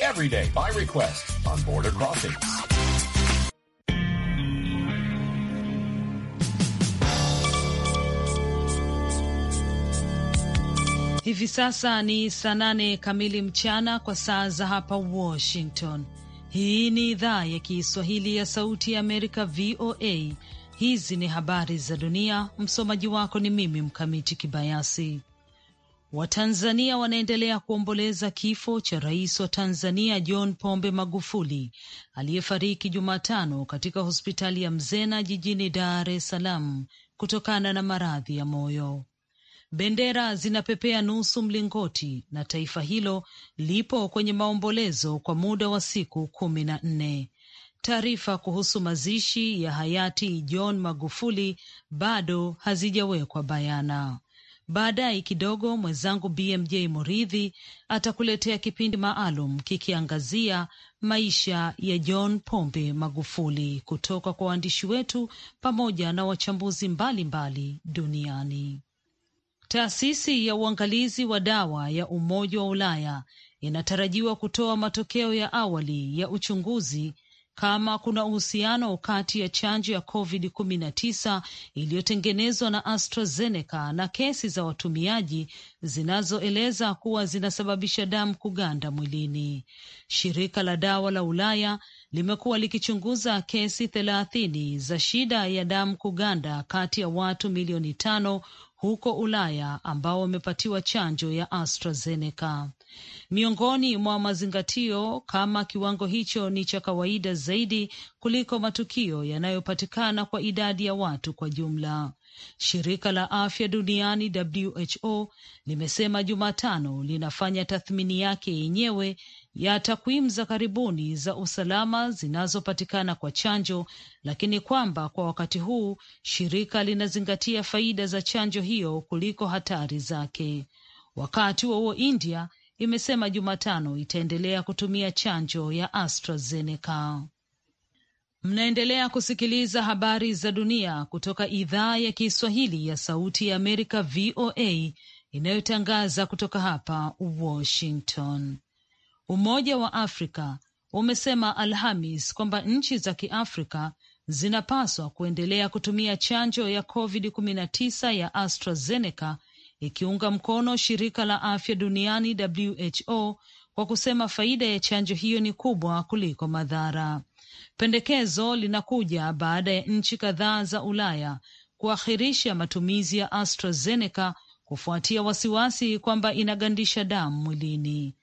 every day by request on border crossings. Hivi sasa ni saa nane kamili mchana kwa saa za hapa Washington. Hii ni idhaa ya Kiswahili ya Sauti ya Amerika, VOA. Hizi ni habari za dunia. Msomaji wako ni mimi Mkamiti Kibayasi. Watanzania wanaendelea kuomboleza kifo cha rais wa Tanzania John Pombe Magufuli aliyefariki Jumatano katika hospitali ya Mzena jijini Dar es Salaam kutokana na maradhi ya moyo. Bendera zinapepea nusu mlingoti na taifa hilo lipo kwenye maombolezo kwa muda wa siku kumi na nne. Taarifa kuhusu mazishi ya hayati John Magufuli bado hazijawekwa bayana. Baadaye kidogo mwenzangu BMJ Muridhi atakuletea kipindi maalum kikiangazia maisha ya John Pombe Magufuli kutoka kwa waandishi wetu pamoja na wachambuzi mbalimbali mbali duniani. Taasisi ya uangalizi wa dawa ya Umoja wa Ulaya inatarajiwa kutoa matokeo ya awali ya uchunguzi kama kuna uhusiano kati ya chanjo ya COVID-19 iliyotengenezwa na AstraZeneca na kesi za watumiaji zinazoeleza kuwa zinasababisha damu kuganda mwilini. Shirika la dawa la Ulaya limekuwa likichunguza kesi thelathini za shida ya damu kuganda kati ya watu milioni tano huko Ulaya ambao wamepatiwa chanjo ya AstraZeneca. Miongoni mwa mazingatio, kama kiwango hicho ni cha kawaida zaidi kuliko matukio yanayopatikana kwa idadi ya watu kwa jumla. Shirika la afya duniani WHO limesema Jumatano linafanya tathmini yake yenyewe ya takwimu za karibuni za usalama zinazopatikana kwa chanjo, lakini kwamba kwa wakati huu shirika linazingatia faida za chanjo hiyo kuliko hatari zake. Wakati wa huo India imesema Jumatano itaendelea kutumia chanjo ya AstraZeneca. Mnaendelea kusikiliza habari za dunia kutoka idhaa ya Kiswahili ya Sauti ya Amerika, VOA, inayotangaza kutoka hapa Washington. Umoja wa Afrika umesema Alhamis kwamba nchi za Kiafrika zinapaswa kuendelea kutumia chanjo ya COVID-19 ya AstraZeneca ikiunga mkono shirika la afya duniani WHO kwa kusema faida ya chanjo hiyo ni kubwa kuliko madhara. Pendekezo linakuja baada ya nchi kadhaa za Ulaya kuahirisha matumizi ya AstraZeneca kufuatia wasiwasi kwamba inagandisha damu mwilini.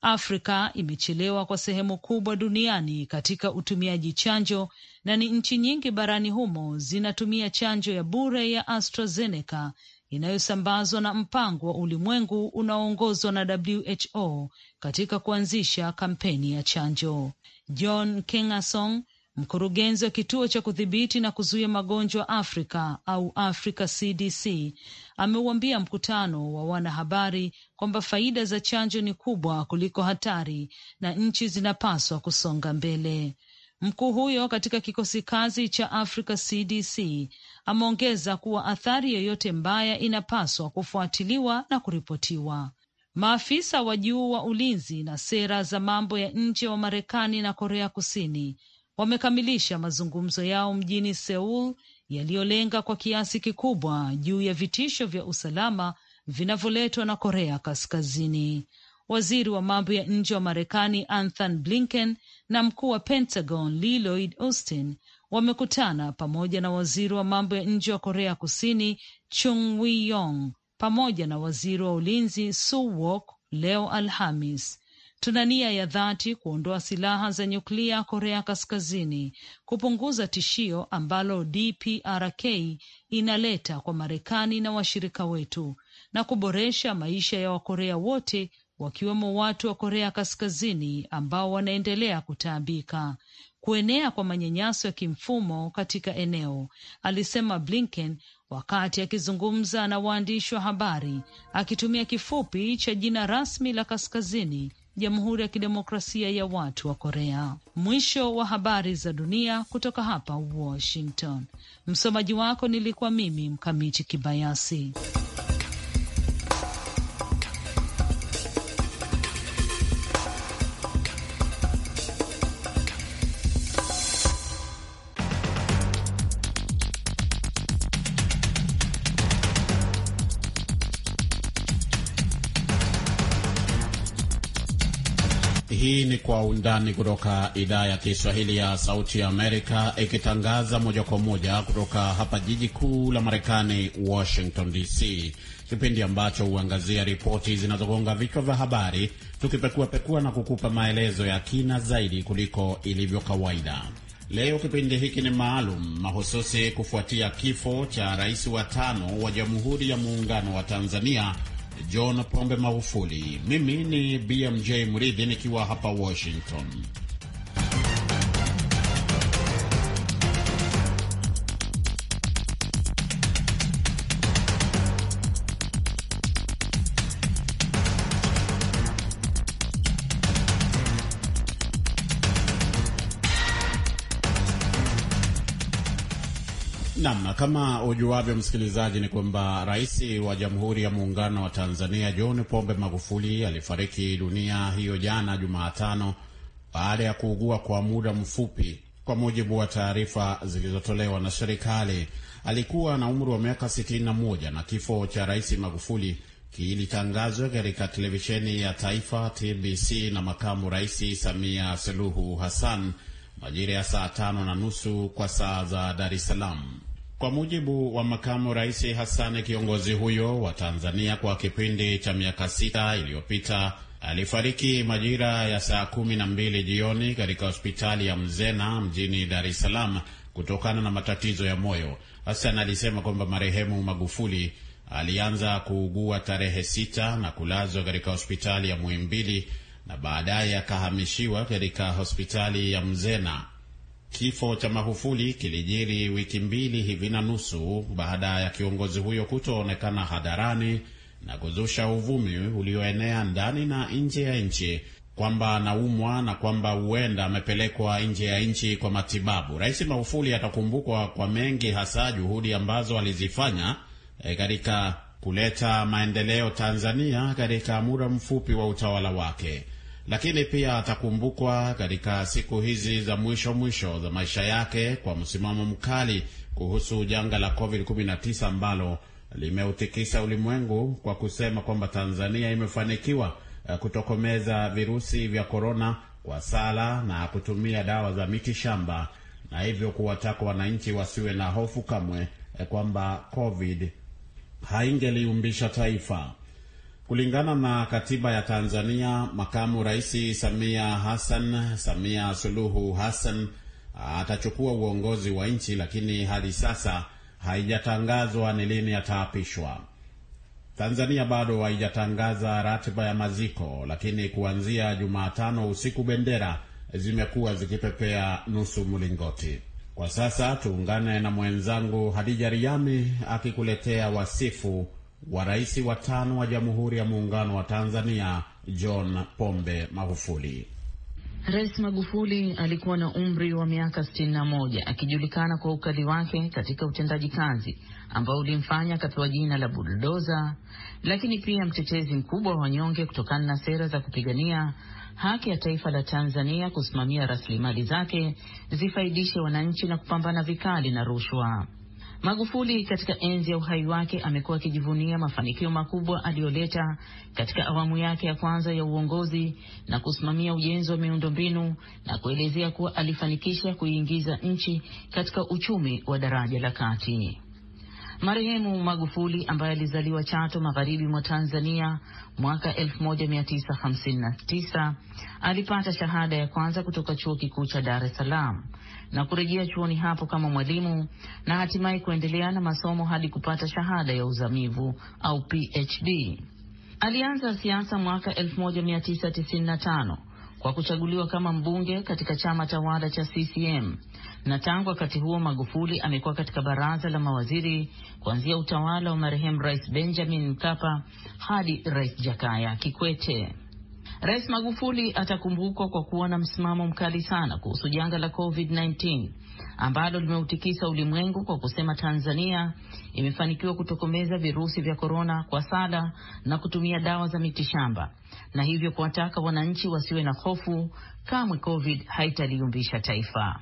Afrika imechelewa kwa sehemu kubwa duniani katika utumiaji chanjo na ni nchi nyingi barani humo zinatumia chanjo ya bure ya AstraZeneca inayosambazwa na mpango wa ulimwengu unaoongozwa na WHO katika kuanzisha kampeni ya chanjo. John Kengasong, mkurugenzi wa kituo cha kudhibiti na kuzuia magonjwa Afrika au Africa CDC, ameuambia mkutano wa wanahabari kwamba faida za chanjo ni kubwa kuliko hatari na nchi zinapaswa kusonga mbele. Mkuu huyo katika kikosi kazi cha Africa CDC Ameongeza kuwa athari yoyote mbaya inapaswa kufuatiliwa na kuripotiwa. Maafisa wa juu wa ulinzi na sera za mambo ya nje wa Marekani na Korea Kusini wamekamilisha mazungumzo yao mjini Seul yaliyolenga kwa kiasi kikubwa juu ya vitisho vya usalama vinavyoletwa na Korea Kaskazini. Waziri wa mambo ya nje wa Marekani Anthony Blinken na mkuu wa Pentagon Lloyd Austin wamekutana pamoja na waziri wa mambo ya nje wa Korea Kusini Chung Wi-yong pamoja na waziri wa ulinzi Su Wok leo Alhamis. Tuna nia ya dhati kuondoa silaha za nyuklia Korea Kaskazini, kupunguza tishio ambalo DPRK inaleta kwa Marekani na washirika wetu na kuboresha maisha ya Wakorea wote wakiwemo watu wa Korea Kaskazini ambao wanaendelea kutaabika kuenea kwa manyanyaso ya kimfumo katika eneo, alisema Blinken wakati akizungumza na waandishi wa habari akitumia kifupi cha jina rasmi la Kaskazini Jamhuri ya Kidemokrasia ya Watu wa Korea. Mwisho wa habari za dunia kutoka hapa Washington. Msomaji wako nilikuwa mimi Mkamiti Kibayasi. Kwa Undani kutoka idhaa ya Kiswahili ya Sauti ya Amerika, ikitangaza moja kwa moja kutoka hapa jiji kuu la Marekani, Washington DC, kipindi ambacho huangazia ripoti zinazogonga vichwa vya habari, tukipekuapekua na kukupa maelezo ya kina zaidi kuliko ilivyo kawaida. Leo kipindi hiki ni maalum mahususi kufuatia kifo cha rais wa tano wa Jamhuri ya Muungano wa Tanzania John Pombe Magufuli. Mimi ni BMJ Mridhi nikiwa hapa Washington. Kama ujuavyo, msikilizaji, ni kwamba rais wa Jamhuri ya Muungano wa Tanzania John Pombe Magufuli alifariki dunia hiyo jana Jumatano baada ya kuugua kwa muda mfupi, kwa mujibu wa taarifa zilizotolewa na serikali. Alikuwa na umri wa miaka 61 na kifo cha rais Magufuli kilitangazwa katika televisheni ya taifa TBC na makamu rais Samia Suluhu Hassan majira ya saa tano na nusu kwa saa za Dar es Salaam. Kwa mujibu wa makamu rais Hassan, kiongozi huyo wa Tanzania kwa kipindi cha miaka sita iliyopita alifariki majira ya saa kumi na mbili jioni katika hospitali ya Mzena mjini Dar es Salaam kutokana na matatizo ya moyo. Hassan alisema kwamba marehemu Magufuli alianza kuugua tarehe sita na kulazwa katika hospitali ya Muhimbili na baadaye akahamishiwa katika hospitali ya Mzena. Kifo cha Magufuli kilijiri wiki mbili hivi na nusu baada ya kiongozi huyo kutoonekana hadharani na kuzusha uvumi ulioenea ndani na nje ya nchi kwamba anaumwa na kwamba huenda amepelekwa nje ya nchi kwa matibabu. Rais Magufuli atakumbukwa kwa mengi, hasa juhudi ambazo alizifanya e, katika kuleta maendeleo Tanzania katika muda mfupi wa utawala wake lakini pia atakumbukwa katika siku hizi za mwisho mwisho za maisha yake kwa msimamo mkali kuhusu janga la COVID-19 ambalo limeutikisa ulimwengu kwa kusema kwamba Tanzania imefanikiwa eh, kutokomeza virusi vya korona kwa sala na kutumia dawa za miti shamba na hivyo kuwataka wananchi wasiwe na hofu kamwe eh, kwamba COVID haingeliumbisha taifa. Kulingana na katiba ya Tanzania, makamu rais Samia Hassan Samia Suluhu Hassan atachukua uongozi wa nchi, lakini hadi sasa haijatangazwa ni lini ataapishwa. Tanzania bado haijatangaza ratiba ya maziko, lakini kuanzia Jumatano usiku bendera zimekuwa zikipepea nusu mlingoti. Kwa sasa tuungane na mwenzangu Hadija Riami akikuletea wasifu wa rais wa tano wa Jamhuri ya Muungano wa Tanzania John Pombe Magufuli. Rais Magufuli alikuwa na umri wa miaka 61 akijulikana kwa ukali wake katika utendaji kazi ambao ulimfanya akapewa jina la buldoza, lakini pia mtetezi mkubwa wa wanyonge kutokana na sera za kupigania haki ya taifa la Tanzania kusimamia rasilimali zake zifaidishe wananchi na kupambana vikali na rushwa. Magufuli katika enzi ya uhai wake amekuwa akijivunia mafanikio makubwa aliyoleta katika awamu yake ya kwanza ya uongozi na kusimamia ujenzi wa miundombinu na kuelezea kuwa alifanikisha kuiingiza nchi katika uchumi wa daraja la kati. Marehemu Magufuli ambaye alizaliwa Chato, magharibi mwa Tanzania, mwaka 1959 alipata shahada ya kwanza kutoka chuo kikuu cha Dar es Salaam na kurejea chuoni hapo kama mwalimu na hatimaye kuendelea na masomo hadi kupata shahada ya uzamivu au PhD. Alianza siasa mwaka 1995 kwa kuchaguliwa kama mbunge katika chama tawala cha CCM na tangu wakati huo Magufuli amekuwa katika baraza la mawaziri kuanzia utawala wa marehemu Rais Benjamin Mkapa hadi Rais Jakaya Kikwete. Rais Magufuli atakumbukwa kwa kuwa na msimamo mkali sana kuhusu janga la COVID-19 ambalo limeutikisa ulimwengu kwa kusema Tanzania imefanikiwa kutokomeza virusi vya korona kwa sala na kutumia dawa za mitishamba, na hivyo kuwataka wananchi wasiwe na hofu kamwe. COVID haitaliumbisha taifa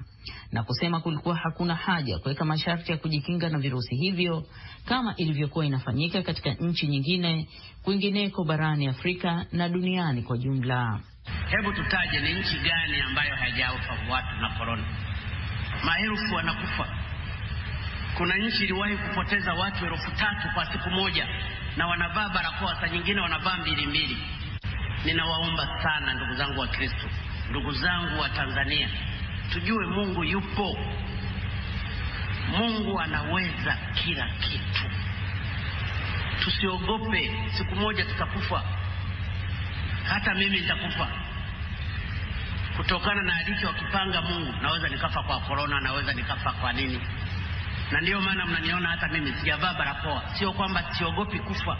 na kusema kulikuwa hakuna haja ya kuweka masharti ya kujikinga na virusi hivyo kama ilivyokuwa inafanyika katika nchi nyingine kwingineko barani Afrika na duniani kwa jumla. Hebu tutaje ni nchi gani ambayo haijaufa watu na korona? Maelfu wanakufa. Kuna nchi iliwahi kupoteza watu elfu tatu kwa siku moja, na wanavaa barakoa, saa nyingine wanavaa mbili mbili. Ninawaomba sana ndugu zangu wa Kristo, ndugu zangu wa Tanzania tujue Mungu yupo. Mungu anaweza kila kitu. Tusiogope, siku moja tutakufa, hata mimi nitakufa kutokana na wakipanga Mungu. Naweza nikafa kwa korona, naweza nikafa kwa nini, na ndiyo maana mnaniona hata mimi sijavaa barakoa. Sio kwamba siogopi kufa.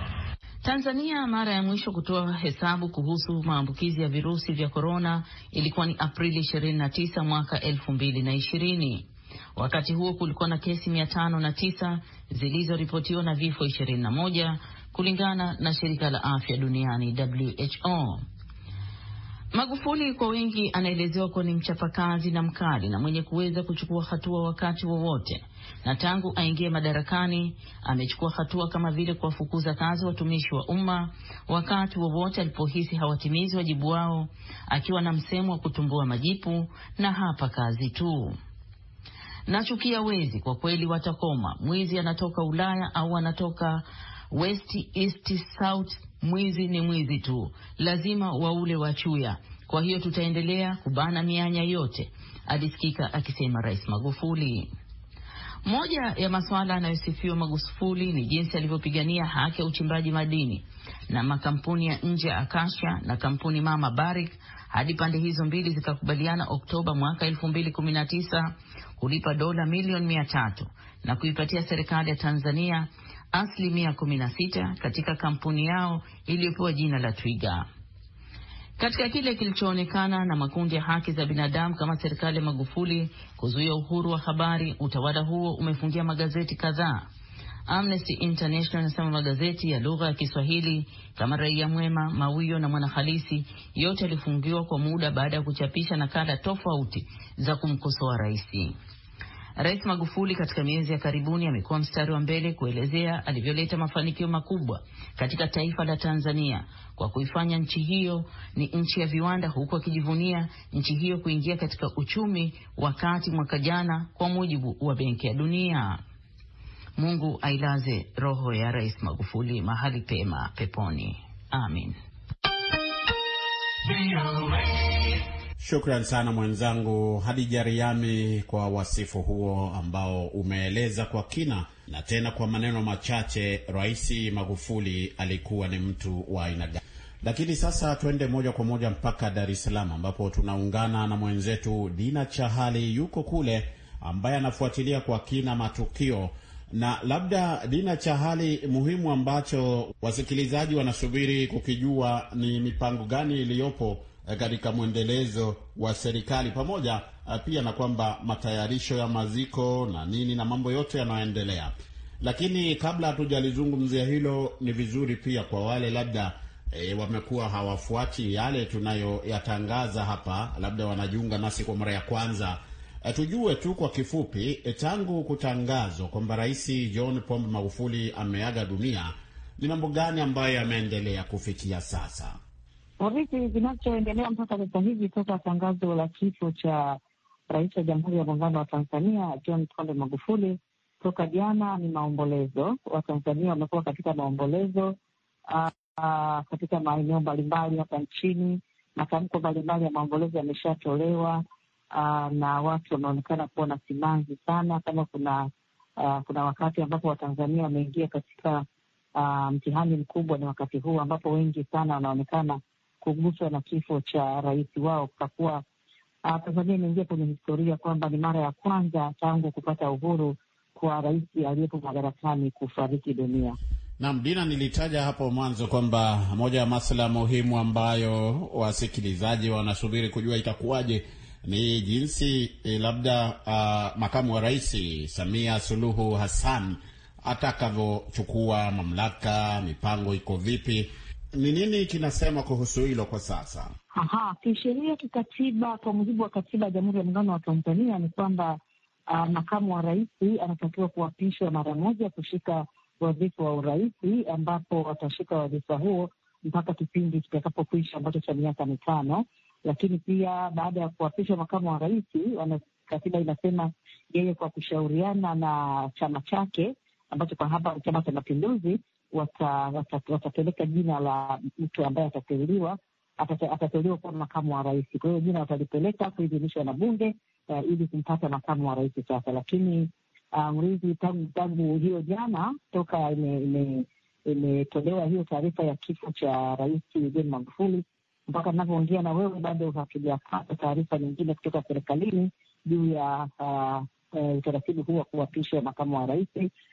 Tanzania mara ya mwisho kutoa hesabu kuhusu maambukizi ya virusi vya korona ilikuwa ni Aprili 29 mwaka 2020. Wakati huo kulikuwa na kesi tisa zilizoripotiwa na vifo 21 kulingana na shirika la afya duniani WHO. Magufuli kwa wengi anaelezewa kuwa ni mchapakazi na mkali na mwenye kuweza kuchukua hatua wakati wowote wa na tangu aingie madarakani amechukua hatua kama vile kuwafukuza kazi watumishi wa umma wakati wowote wa alipohisi hawatimizi wajibu wao, akiwa na msemo wa kutumbua majipu na hapa kazi tu. Nachukia wezi, kwa kweli watakoma. Mwizi anatoka Ulaya au anatoka west, east, south. Mwizi ni mwizi tu, lazima waule wachuya. Kwa hiyo tutaendelea kubana mianya yote, alisikika akisema Rais Magufuli. Moja ya masuala anayosifiwa Magufuli ni jinsi alivyopigania haki ya uchimbaji madini na makampuni ya nje ya Akasha na kampuni mama Barrick hadi pande hizo mbili zikakubaliana Oktoba mwaka tisa kulipa dola milioni mia tatu na kuipatia serikali ya Tanzania asilimia kumi na sita katika kampuni yao iliyopewa jina la Twiga. Katika kile kilichoonekana na makundi ya haki za binadamu kama serikali ya Magufuli kuzuia uhuru wa habari, utawala huo umefungia magazeti kadhaa. Amnesty International inasema magazeti ya lugha ya Kiswahili kama Raia Mwema, Mawio na Mwanahalisi yote yalifungiwa kwa muda baada ya kuchapisha nakala tofauti za kumkosoa rais. Rais Magufuli katika miezi ya karibuni amekuwa mstari wa mbele kuelezea alivyoleta mafanikio makubwa katika taifa la Tanzania kwa kuifanya nchi hiyo ni nchi ya viwanda, huku akijivunia nchi hiyo kuingia katika uchumi wa kati mwaka jana, kwa mujibu wa Benki ya Dunia. Mungu ailaze roho ya Rais Magufuli mahali pema peponi, amin. Shukran sana mwenzangu Hadija Riami kwa wasifu huo ambao umeeleza kwa kina na tena kwa maneno machache Rais Magufuli alikuwa ni mtu wa aina gani. Lakini sasa twende moja kwa moja mpaka Dar es Salaam ambapo tunaungana na mwenzetu Dina Chahali yuko kule, ambaye anafuatilia kwa kina matukio. Na labda Dina Chahali, muhimu ambacho wasikilizaji wanasubiri kukijua ni mipango gani iliyopo Eh, katika mwendelezo wa serikali, pamoja eh, pia na kwamba matayarisho ya maziko na nini na mambo yote yanayoendelea. Lakini kabla hatujalizungumzia hilo, ni vizuri pia kwa wale labda e, wamekuwa hawafuati yale tunayoyatangaza hapa, labda wanajiunga nasi kwa mara ya kwanza e, tujue tu kwa kifupi e, tangu kutangazwa kwamba Rais John Pombe Magufuli ameaga dunia, ni mambo gani ambayo yameendelea kufikia sasa? Murithi, zinachoendelea mpaka sasa hivi toka tangazo la kifo cha rais wa Jamhuri ya Muungano wa Tanzania John Pombe Magufuli toka jana ni maombolezo. Watanzania wamekuwa katika maombolezo aa, ah, ah, katika maeneo mbalimbali hapa nchini. Matamko mbalimbali ya maombolezo yameshatolewa ah, na watu wameonekana kuwa na simanzi sana, kama kuna aa, kuna wakati ambapo watanzania wameingia katika aa, mtihani mkubwa, ni wakati huu ambapo wengi sana wanaonekana kuguswa na kifo cha rais wao. Kakuwa uh, ah, Tanzania imeingia kwenye historia kwamba ni mara ya kwanza tangu kupata uhuru kwa rais aliyepo madarakani kufariki dunia. Naam, Dina, nilitaja hapo mwanzo kwamba moja ya masuala muhimu ambayo wasikilizaji wanasubiri kujua itakuwaje ni jinsi eh, labda uh, makamu wa rais Samia Suluhu Hassan atakavyochukua mamlaka, mipango iko vipi ni nini kinasema kuhusu hilo kwa sasa? Aha, kisheria, kikatiba, kwa mujibu wa katiba ya Jamhuri ya Muungano wa Tanzania ni kwamba uh, makamu wa rais anatakiwa kuapishwa mara moja kushika wadhifa wa urais, ambapo watashika wadhifa huo mpaka kipindi kitakapokwisha ambacho cha miaka mitano. Lakini pia baada ya kuapishwa makamu wa rais, katiba inasema yeye kwa kushauriana na chama chake ambacho kwa hapa ni Chama cha Mapinduzi watapeleka wata, wata jina la mtu ambaye atateuliwa atateuliwa kuwa makamu wa rais. Kwa hiyo jina watalipeleka kuidhinishwa na bunge uh, ili kumpata makamu wa rais sasa. Lakini ah, mrithi tangu tangu hiyo jana toka imetolewa hiyo taarifa ya kifo cha rais John Magufuli mpaka navyoongea na wewe bado hatujapata taarifa nyingine kutoka serikalini juu ya uh, uh, utaratibu huu wa kuapisha makamu wa rais.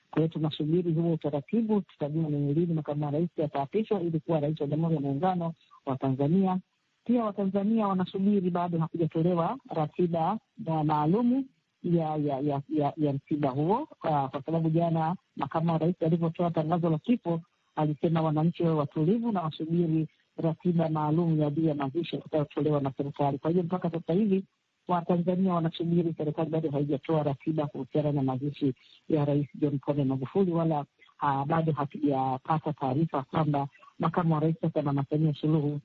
Kwa hiyo tunasubiri huo utaratibu, tutajua ni lini makamu wa rais ataapishwa ili kuwa rais wa Jamhuri ya Muungano wa Tanzania. Pia Watanzania wanasubiri, bado hakujatolewa ratiba maalumu ya ya ya ya, ya msiba huo uh, kwa sababu jana makamu wa rais alivyotoa tangazo la kifo alisema wananchi wawe watulivu na wasubiri ratiba maalum ya juu ya mazishi itakayotolewa na serikali. Kwa hiyo mpaka sasa hivi Watanzania wanasubiri, serikali bado haijatoa ratiba kuhusiana na mazishi ya Rais John Pombe Magufuli, wala ah, bado hatujapata taarifa kwamba makamu wa rais sasa Mama Samia Suluhu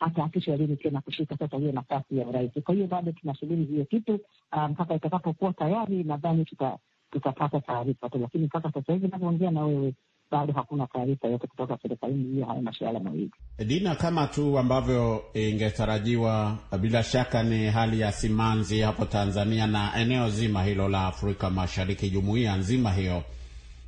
ataapishwa lini tena kushika sasa hiyo nafasi ya urais. Kwa hiyo bado tunasubiri hiyo kitu ah, mpaka um, itakapokuwa tayari, nadhani tutapata taarifa tu, lakini mpaka sasa hivi navyoongea na wewe bado hakuna taarifa yote kutoka serikalini hiyo haya masuala mawili. Dina, kama tu ambavyo ingetarajiwa, bila shaka ni hali ya simanzi hapo Tanzania na eneo zima hilo la Afrika Mashariki, jumuiya nzima hiyo.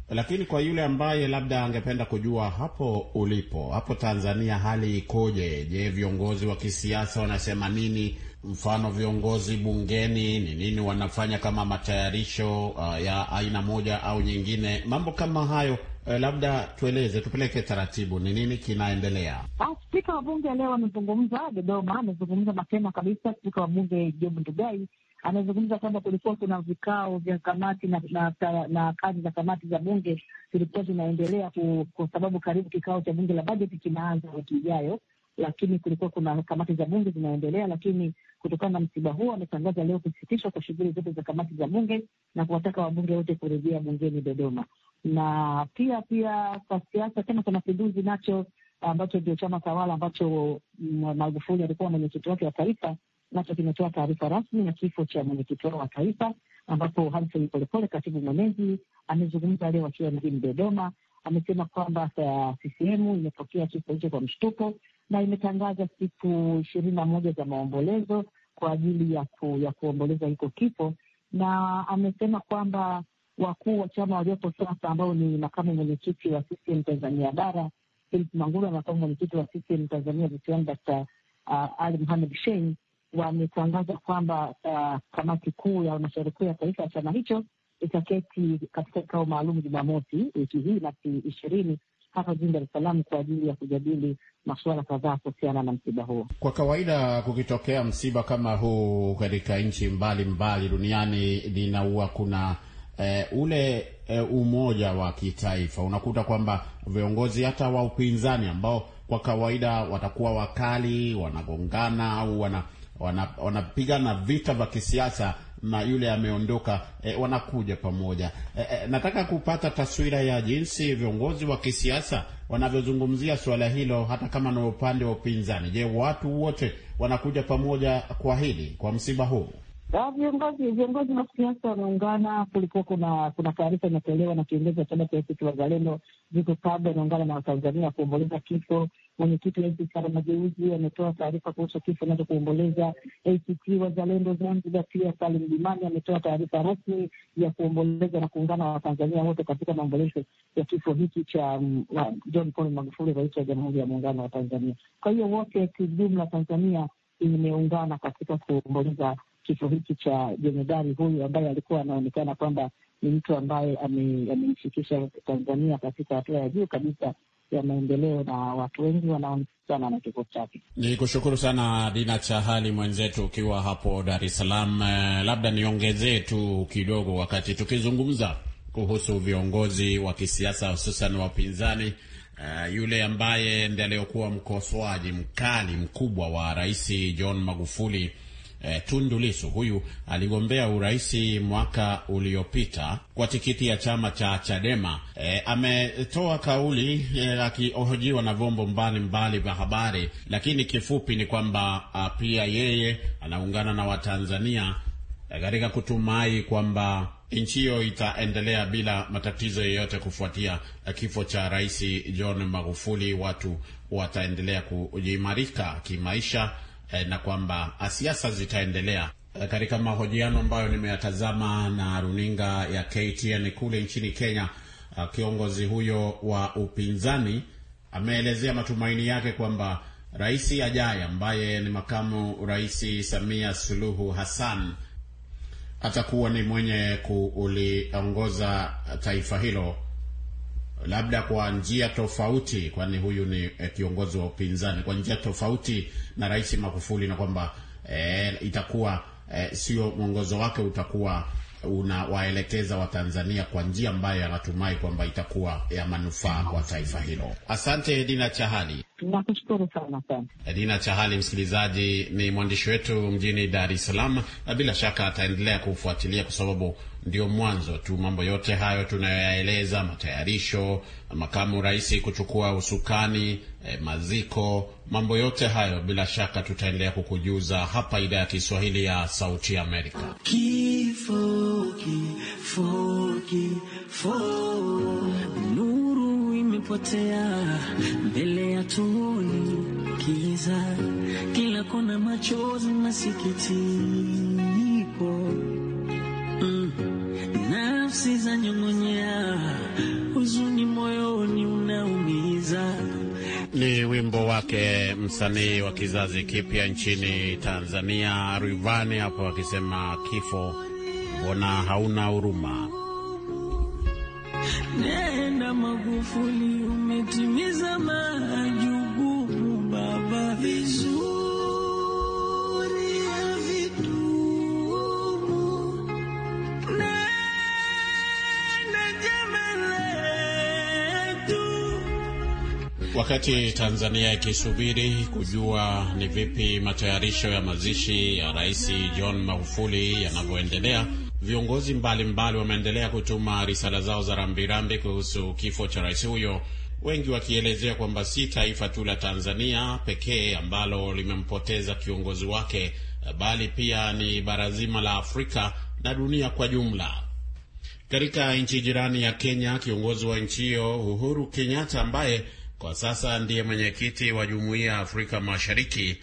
Lakini kwa yule ambaye labda angependa kujua hapo ulipo, hapo Tanzania, hali ikoje? Je, viongozi wa kisiasa wanasema nini? Mfano viongozi bungeni ni nini wanafanya kama matayarisho uh, ya aina moja au nyingine, mambo kama hayo eh, labda tueleze, tupeleke taratibu, ni nini kinaendelea? Ah, spika wa bunge leo amezungumza Dodoma, amezungumza mapema kabisa. Spika wa bunge Job Ndugai amezungumza kwamba kulikuwa kuna vikao vya kamati na, na, na, na kazi za kamati za bunge zilikuwa zinaendelea, kwa sababu karibu kikao cha bunge la bajeti kinaanza wiki ijayo lakini kulikuwa kuna kamati za bunge zinaendelea, lakini kutokana na msiba huo ametangaza leo kusitishwa kwa shughuli zote za kamati za bunge na kuwataka wabunge wote kurejea bungeni Dodoma. Na pia pia kwa siasa, Chama cha Mapinduzi nacho ambacho ndio chama tawala ambacho mm, Magufuli alikuwa mwenyekiti wake wa taifa nacho kimetoa taarifa rasmi ya kifo cha mwenyekiti wao wa taifa, ambapo Humphrey Polepole, katibu mwenezi, amezungumza leo akiwa mjini Dodoma. Amesema kwamba eh, CCM imepokea kifo hicho kwa mshtuko, na imetangaza siku ishirini na moja za maombolezo kwa ajili ya, ku, ya kuomboleza hiko kifo, na amesema kwamba wakuu wa chama waliopo sasa ambao ni makamu mwenyekiti wa CCM Tanzania bara Philip Manguru na makamu mwenyekiti wa CCM Tanzania visiwani Dkt. uh, Ali Muhamed Shein wametangaza kwamba uh, kamati kuu ya halmashauri kuu ya taifa ya chama hicho itaketi katika kikao maalum Jumamosi wiki hii na ishirini hapa jijini Dar es Salaam kwa ajili ya kujadili masuala kadhaa kuhusiana na msiba huo. Kwa kawaida, kukitokea msiba kama huu katika nchi mbalimbali duniani linaua kuna eh, ule eh, umoja wa kitaifa. Unakuta kwamba viongozi hata wa upinzani ambao kwa kawaida watakuwa wakali, wanagongana au wana wanapigana wana vita vya kisiasa na yule ameondoka, e, wanakuja pamoja. E, e, nataka kupata taswira ya jinsi viongozi wa kisiasa wanavyozungumzia suala hilo, hata kama ni upande wa upinzani. Je, watu wote wanakuja pamoja kwa hili, kwa msiba huu? Viongozi viongozi wa kisiasa wanaungana. Kulikuwa kuna kuna taarifa inatolewa na kiongozi wa chama cha ACT Wazalendo, ziko kabla inaungana na Watanzania kuomboleza kifo Mwenyekiti wa ACT Mageuzi ametoa taarifa kuhusu kifo na kuomboleza. ACT Wazalendo Zanzibar pia Salim Jumani ametoa taarifa rasmi ya kuomboleza na kuungana na Watanzania wote katika maombolezo ya kifo hiki cha um, John Paul Magufuli, rais wa Jamhuri ya Muungano wa Tanzania. Kwa hiyo wote kiujumla, Tanzania imeungana katika kuomboleza kifo hiki cha jenerali huyu ambaye alikuwa anaonekana kwamba ni mtu ambaye amemshikisha Tanzania katika hatua ya juu kabisa ya maendeleo, na watu wengi wanaoana na kifo chake. Ni kushukuru sana Dina Chahali mwenzetu, ukiwa hapo Dar es Salaam. Eh, labda niongezee tu kidogo, wakati tukizungumza kuhusu viongozi wa kisiasa hususan wapinzani uh, eh, yule ambaye ndiye aliyokuwa mkosoaji mkali mkubwa wa Rais John Magufuli eh, Tundu Lissu huyu aligombea uraisi mwaka uliopita kwa tikiti ya chama cha Chadema eh, ametoa kauli eh, akihojiwa na vyombo mbalimbali vya habari, lakini kifupi ni kwamba ah, pia yeye anaungana na Watanzania eh, katika kutumai kwamba nchi hiyo itaendelea bila matatizo yoyote kufuatia eh, kifo cha Rais John Magufuli. Watu wataendelea kujiimarika kimaisha eh, na kwamba ah, siasa zitaendelea. Eh, katika mahojiano ambayo nimeyatazama na runinga ya KTN kule nchini Kenya, eh, kiongozi huyo wa upinzani ameelezea matumaini yake kwamba rais ajaye ambaye ni makamu rais Samia Suluhu Hassan atakuwa ni mwenye kuliongoza taifa hilo labda kwa njia tofauti, kwani huyu ni eh, kiongozi wa upinzani, kwa njia tofauti na Rais Magufuli, na kwamba e, itakuwa e, sio mwongozo wake utakuwa unawaelekeza Watanzania kwa njia ambayo anatumai kwamba itakuwa ya manufaa kwa taifa hilo. Asante Dina Chahali. Nakushukuru sana sana Dina Chahali. Msikilizaji, ni mwandishi wetu mjini Dar es Salaam, na bila shaka ataendelea kufuatilia kwa sababu ndio mwanzo tu. Mambo yote hayo tunayoyaeleza, matayarisho, makamu rais kuchukua usukani, eh, maziko, mambo yote hayo bila shaka tutaendelea kukujuza hapa idhaa ya Kiswahili ya Sauti Amerika. Kifo, kifo, kifo nilipotea mbele ya tuoni kiza, kila kona machozi, na masikitiko mm, nafsi za nyong'onyea, huzuni moyoni unaumiza. Ni wimbo wake msanii wa kizazi kipya nchini Tanzania Rivani hapo akisema kifo, mbona hauna huruma? yeah. Magufuli umetimiza majukumu baba vizuri ya na Wakati Tanzania ikisubiri kujua ni vipi matayarisho ya mazishi ya Rais John Magufuli yanavyoendelea Viongozi mbalimbali wameendelea kutuma risala zao za rambirambi kuhusu kifo cha rais huyo, wengi wakielezea kwamba si taifa tu la Tanzania pekee ambalo limempoteza kiongozi wake, bali pia ni bara zima la Afrika na dunia kwa jumla. Katika nchi jirani ya Kenya, kiongozi wa nchi hiyo Uhuru Kenyatta, ambaye kwa sasa ndiye mwenyekiti wa Jumuiya ya Afrika Mashariki,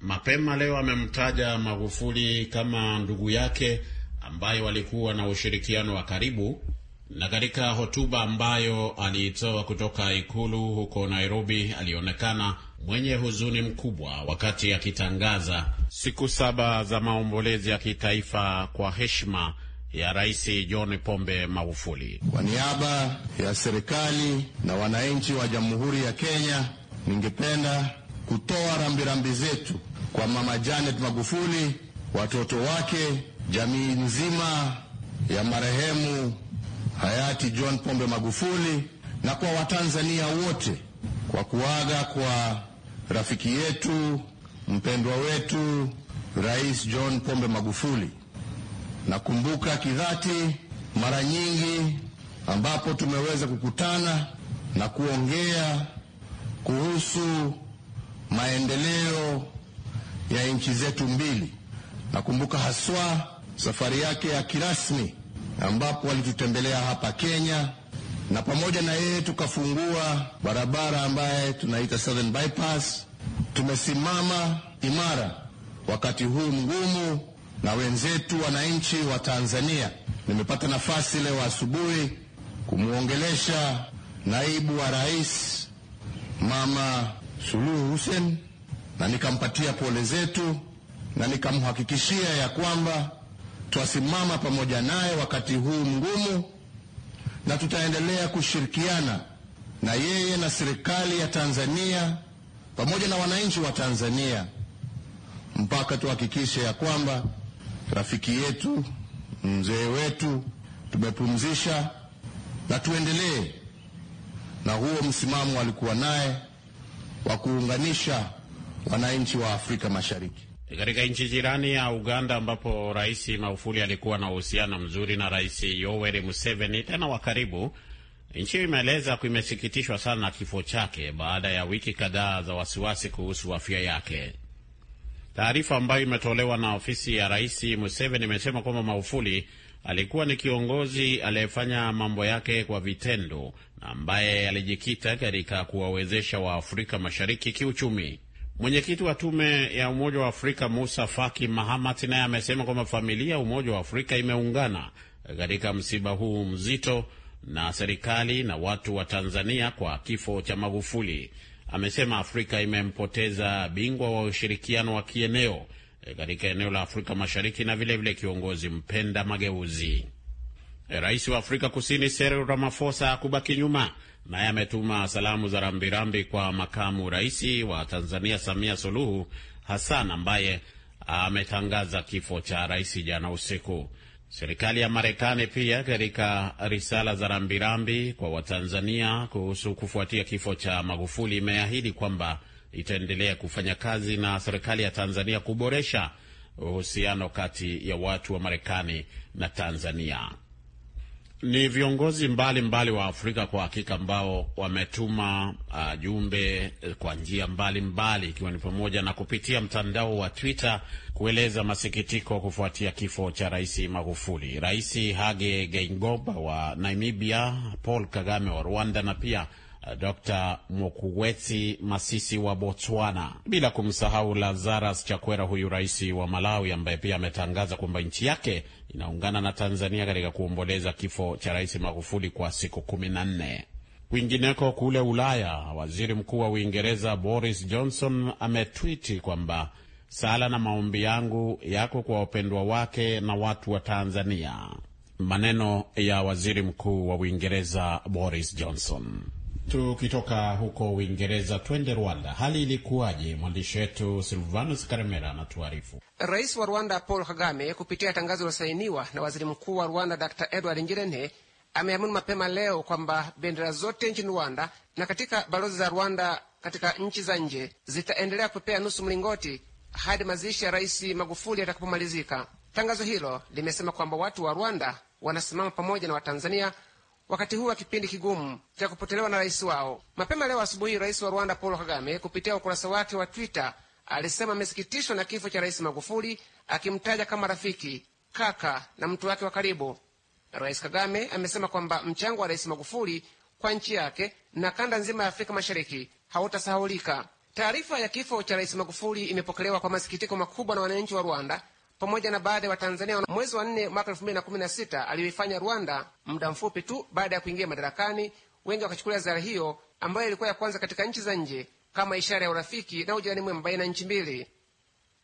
mapema leo amemtaja Magufuli kama ndugu yake ambayo walikuwa na ushirikiano wa karibu. Na katika hotuba ambayo aliitoa kutoka ikulu huko Nairobi, alionekana mwenye huzuni mkubwa wakati akitangaza siku saba za maombolezi ya kitaifa kwa heshima ya Rais John Pombe Magufuli. Kwa niaba ya serikali na wananchi wa Jamhuri ya Kenya, ningependa kutoa rambirambi zetu kwa Mama Janet Magufuli, watoto wake jamii nzima ya marehemu hayati John Pombe Magufuli na kwa Watanzania wote kwa kuaga kwa rafiki yetu mpendwa wetu Rais John Pombe Magufuli. Nakumbuka kidhati mara nyingi ambapo tumeweza kukutana na kuongea kuhusu maendeleo ya nchi zetu mbili. Nakumbuka haswa safari yake ya kirasmi ambapo walitutembelea hapa Kenya na pamoja na yeye tukafungua barabara ambaye tunaita Southern Bypass. Tumesimama imara wakati huu mgumu na wenzetu wananchi wa Tanzania. Nimepata nafasi leo asubuhi kumwongelesha naibu wa rais Mama Suluhu Hussein na nikampatia pole zetu na nikamhakikishia ya kwamba Twasimama pamoja naye wakati huu mgumu, na tutaendelea kushirikiana na yeye na serikali ya Tanzania pamoja na wananchi wa Tanzania mpaka tuhakikishe ya kwamba rafiki yetu mzee wetu tumepumzisha, na tuendelee na huo msimamo alikuwa naye wa kuunganisha wananchi wa Afrika Mashariki. Katika nchi jirani ya Uganda ambapo Rais Magufuli alikuwa na uhusiano mzuri na Rais Yoweri Museveni, tena wa karibu, nchi hiyo imeeleza imesikitishwa sana na kifo chake baada ya wiki kadhaa za wasiwasi kuhusu afya yake. Taarifa ambayo imetolewa na ofisi ya Rais Museveni imesema kwamba Magufuli alikuwa ni kiongozi aliyefanya mambo yake kwa vitendo na ambaye alijikita katika kuwawezesha Waafrika Mashariki kiuchumi. Mwenyekiti wa tume ya Umoja wa Afrika Musa Faki Mahamat naye amesema kwamba familia ya Umoja wa Afrika imeungana katika msiba huu mzito na serikali na watu wa Tanzania kwa kifo cha Magufuli. Amesema Afrika imempoteza bingwa wa ushirikiano wa kieneo e, katika eneo la Afrika Mashariki na vilevile vile kiongozi mpenda mageuzi. E, Rais wa Afrika Kusini Cyril Ramaphosa hakubaki nyuma naye ametuma salamu za rambirambi kwa makamu rais wa Tanzania Samia Suluhu Hassan ambaye ametangaza kifo cha rais jana usiku. Serikali ya Marekani pia katika risala za rambirambi kwa Watanzania kuhusu kufuatia kifo cha Magufuli imeahidi kwamba itaendelea kufanya kazi na serikali ya Tanzania kuboresha uhusiano kati ya watu wa Marekani na Tanzania. Ni viongozi mbalimbali mbali wa Afrika kwa hakika ambao wametuma uh, jumbe eh, kwa njia mbalimbali ikiwa ni pamoja na kupitia mtandao wa Twitter kueleza masikitiko kufuatia kifo cha Rais Magufuli. Rais Hage Geingoba wa Namibia, Paul Kagame wa Rwanda na pia uh, Dr. Mokuwetsi Masisi wa Botswana, bila kumsahau Lazarus Chakwera, huyu rais wa Malawi ambaye pia ametangaza kwamba nchi yake inaungana na Tanzania katika kuomboleza kifo cha Rais Magufuli kwa siku kumi na nne. Kwingineko kule Ulaya, waziri mkuu wa Uingereza Boris Johnson ametwiti kwamba sala na maombi yangu yako kwa wapendwa wake na watu wa Tanzania. Maneno ya waziri mkuu wa Uingereza Boris Johnson. Tukitoka huko Uingereza twende Rwanda. Hali ilikuwaje? Mwandishi wetu Silvanus Karemera anatuarifu. Rais wa Rwanda Paul Kagame kupitia tangazo lilosainiwa na waziri mkuu wa Rwanda Dr Edward Ngirente ameamuru mapema leo kwamba bendera zote nchini Rwanda na katika balozi za Rwanda katika nchi za nje zitaendelea kupepea nusu mlingoti hadi mazishi ya Rais Magufuli yatakapomalizika. Tangazo hilo limesema kwamba watu wa Rwanda wanasimama pamoja na Watanzania wakati huu wa kipindi kigumu cha kupotelewa na rais wao. Mapema leo asubuhi, rais wa Rwanda Paul Kagame kupitia ukurasa wake wa Twitter alisema amesikitishwa na kifo cha rais Magufuli, akimtaja kama rafiki, kaka na mtu wake wa karibu. Rais Kagame amesema kwamba mchango wa rais Magufuli kwa nchi yake na kanda nzima ya Afrika Mashariki hautasahaulika. Taarifa ya kifo cha rais Magufuli imepokelewa kwa masikitiko makubwa na wananchi wa Rwanda pamoja na baadhi ya Watanzania mwezi wa nne mwaka elfu mbili na kumi na sita aliyoifanya Rwanda muda mfupi tu baada ya kuingia madarakani, wengi wakachukulia ziara hiyo ambayo ilikuwa ya kwanza katika nchi za nje kama ishara ya urafiki na ujirani mwema baina ya nchi mbili.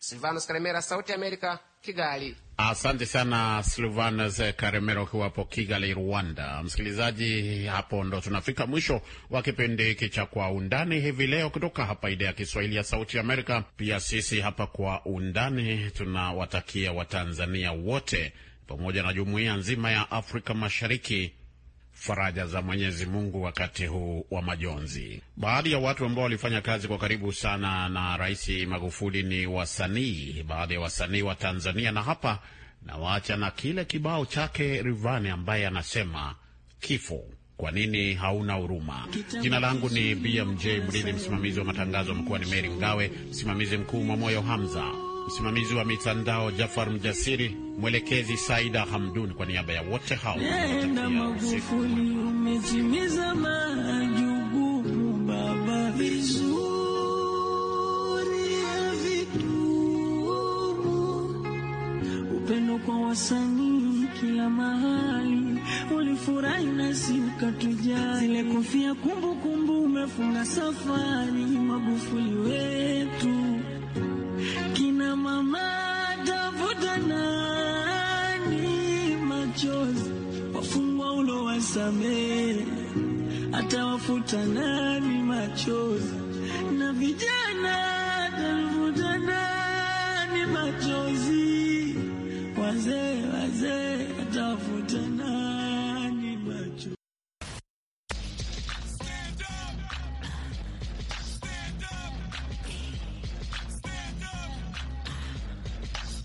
Silvanus Karemera, Sauti Amerika, Kigali. Asante sana Silvanus Karemera ukiwa hapo Kigali, Rwanda. Msikilizaji, hapo ndo tunafika mwisho wa kipindi hiki cha Kwa Undani hivi leo kutoka hapa idhaa ya Kiswahili ya Sauti Amerika. Pia sisi hapa Kwa Undani tunawatakia Watanzania wote pamoja na jumuiya nzima ya Afrika Mashariki faraja za Mwenyezi Mungu wakati huu wa majonzi. Baadhi ya watu ambao walifanya kazi kwa karibu sana na Rais Magufuli ni wasanii, baadhi ya wasanii wa Tanzania, na hapa nawaacha na kile kibao chake Rivani ambaye anasema kifo kwa nini hauna huruma? Jina langu ni BMJ Mridhi, msimamizi wa matangazo mkuu ni Meri Mgawe, msimamizi mkuu Mwamoyo Hamza msimamizi wa mitandao Jafar Mjasiri, mwelekezi Saida Hamdun, kwa niaba ya wote hao wasanii kila mahali ulifurahi, nasi ukatujali. Zile kofia kumbukumbu, umefunga safari, Magufuli wetu wanatafuta nani? Machozi wafungwa ulo wasamehe, atawafuta nani? Machozi na vijana atawafuta nani? Machozi wazee wazee